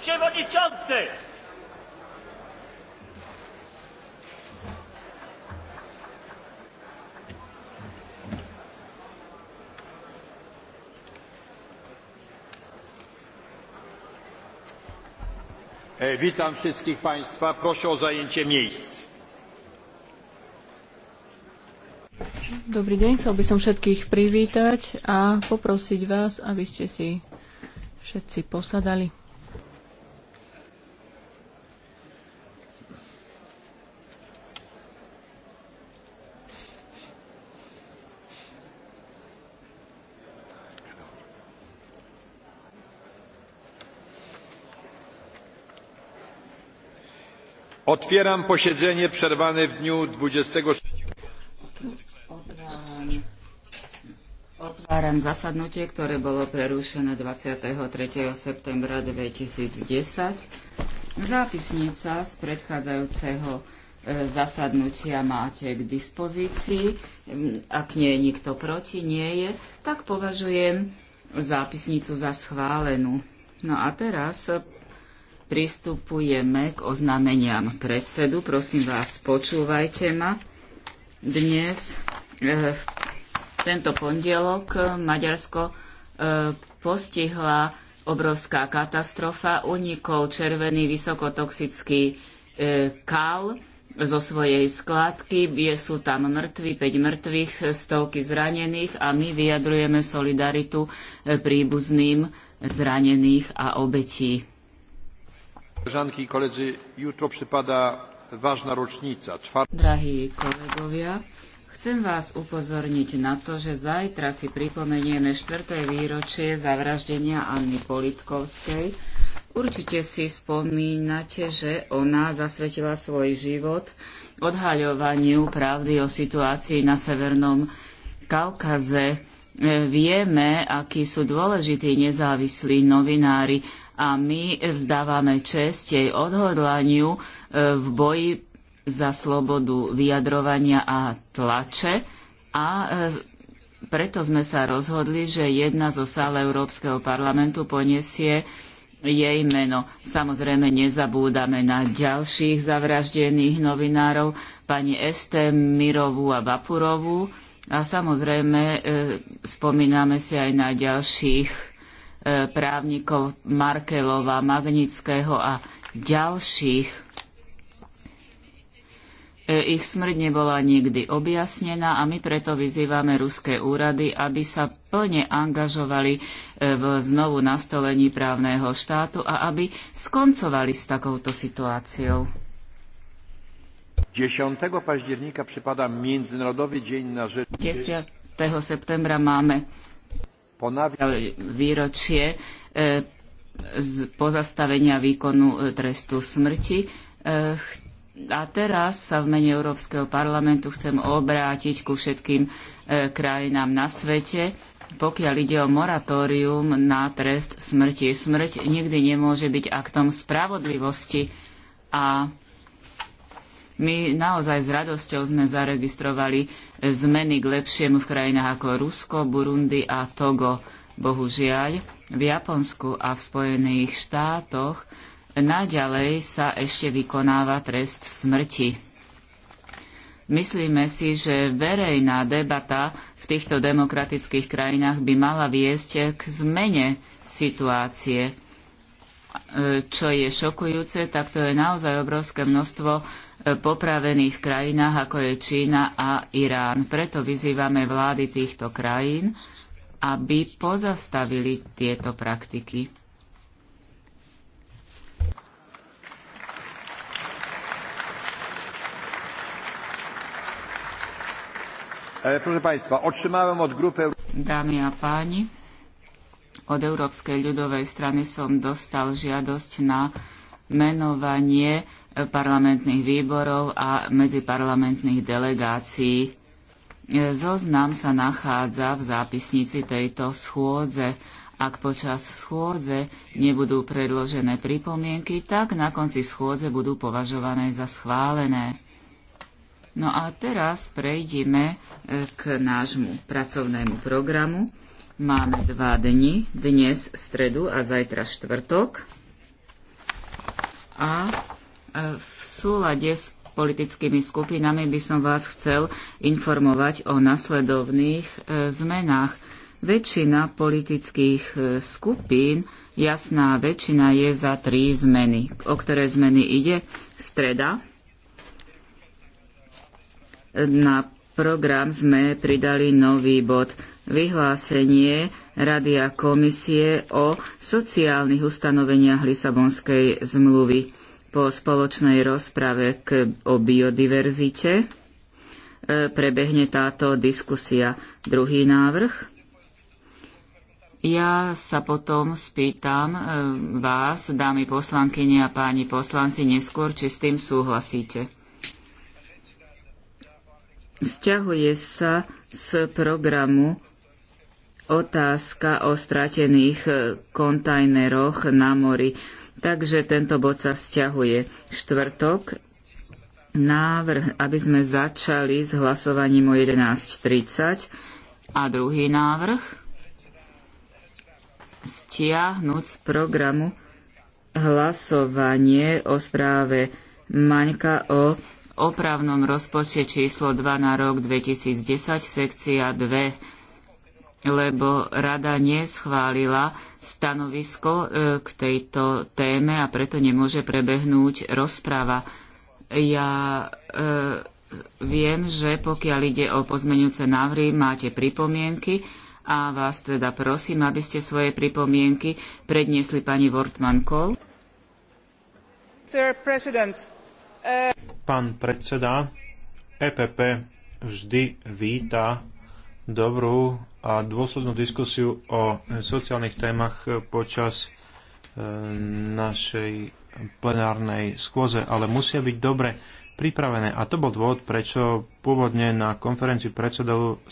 przewodniczący! E, witam wszystkich Państwa. Proszę o zajęcie miejsc. Dobrý deň, chcel by som všetkých privítať a poprosiť vás, aby ste si všetci posadali. Otwieram posiedzenie przerwane w dniu 23. Otváram, otváram zasadnutie, ktoré bolo prerušené 23. septembra 2010. Zápisnica z predchádzajúceho e, zasadnutia máte k dispozícii. Mm, ak nie je nikto proti, nie je, tak považujem zápisnicu za schválenú. No a teraz Pristupujeme k oznámeniam predsedu. Prosím vás, počúvajte ma. Dnes, e, V tento pondelok, Maďarsko e, postihla obrovská katastrofa. Unikol červený vysokotoxický e, kal zo svojej skladky. Je, sú tam mŕtvi, 5 mŕtvych, stovky zranených a my vyjadrujeme solidaritu príbuzným zranených a obetí. Drahí kolegovia, chcem vás upozorniť na to, že zajtra si pripomenieme 4. výročie zavraždenia Anny Politkovskej. Určite si spomínate, že ona zasvetila svoj život odhaľovaniu pravdy o situácii na Severnom Kaukaze. E, vieme, akí sú dôležití nezávislí novinári a my vzdávame čest jej odhodlaniu e, v boji za slobodu vyjadrovania a tlače a e, preto sme sa rozhodli, že jedna zo sál Európskeho parlamentu poniesie jej meno. Samozrejme nezabúdame na ďalších zavraždených novinárov, pani Este Mirovú a Vapurovú a samozrejme e, spomíname si aj na ďalších právnikov Markelova, Magnického a ďalších. E, ich smrť nebola nikdy objasnená a my preto vyzývame ruské úrady, aby sa plne angažovali e, v znovu nastolení právneho štátu a aby skoncovali s takouto situáciou. 10. października przypada Międzynarodowy Dzień na Rzecz... 10. septembra máme výročie e, pozastavenia výkonu e, trestu smrti. E, a teraz sa v mene Európskeho parlamentu chcem obrátiť ku všetkým krajinám na svete, pokiaľ ide o moratórium na trest smrti. Smrť nikdy nemôže byť aktom spravodlivosti a my naozaj s radosťou sme zaregistrovali zmeny k lepšiemu v krajinách ako Rusko, Burundi a Togo. Bohužiaľ, v Japonsku a v Spojených štátoch naďalej sa ešte vykonáva trest smrti. Myslíme si, že verejná debata v týchto demokratických krajinách by mala viesť k zmene situácie čo je šokujúce, tak to je naozaj obrovské množstvo e, popravených krajinách, ako je Čína a Irán. Preto vyzývame vlády týchto krajín, aby pozastavili tieto praktiky. E, Dámy a páni, od Európskej ľudovej strany som dostal žiadosť na menovanie parlamentných výborov a medziparlamentných delegácií. Zoznam sa nachádza v zápisnici tejto schôdze. Ak počas schôdze nebudú predložené pripomienky, tak na konci schôdze budú považované za schválené. No a teraz prejdime e, k nášmu pracovnému programu. Máme dva dni, dnes stredu a zajtra štvrtok. A e, v súlade s politickými skupinami by som vás chcel informovať o nasledovných e, zmenách. Väčšina politických e, skupín, jasná väčšina je za tri zmeny. O ktoré zmeny ide? Streda. Na program sme pridali nový bod vyhlásenie Rady a komisie o sociálnych ustanoveniach Lisabonskej zmluvy po spoločnej rozprave k, o biodiverzite. E, prebehne táto diskusia. Druhý návrh. Ja sa potom spýtam e, vás, dámy poslankyne a páni poslanci, neskôr, či s tým súhlasíte. Sťahuje sa z programu otázka o stratených e, kontajneroch na mori. Takže tento bod sa vzťahuje štvrtok. Návrh, aby sme začali s hlasovaním o 11.30. A druhý návrh, stiahnuť z programu hlasovanie o správe Maňka o opravnom rozpočte číslo 2 na rok 2010, sekcia 2 lebo rada neschválila stanovisko e, k tejto téme a preto nemôže prebehnúť rozpráva. Ja e, viem, že pokiaľ ide o pozmenujúce návrhy, máte pripomienky a vás teda prosím, aby ste svoje pripomienky predniesli pani Wortmann-Kohl. E- Pán predseda, EPP vždy víta dobrú a dôslednú diskusiu o sociálnych témach počas e, našej plenárnej skôze, ale musia byť dobre pripravené. A to bol dôvod, prečo pôvodne na konferencii predsedov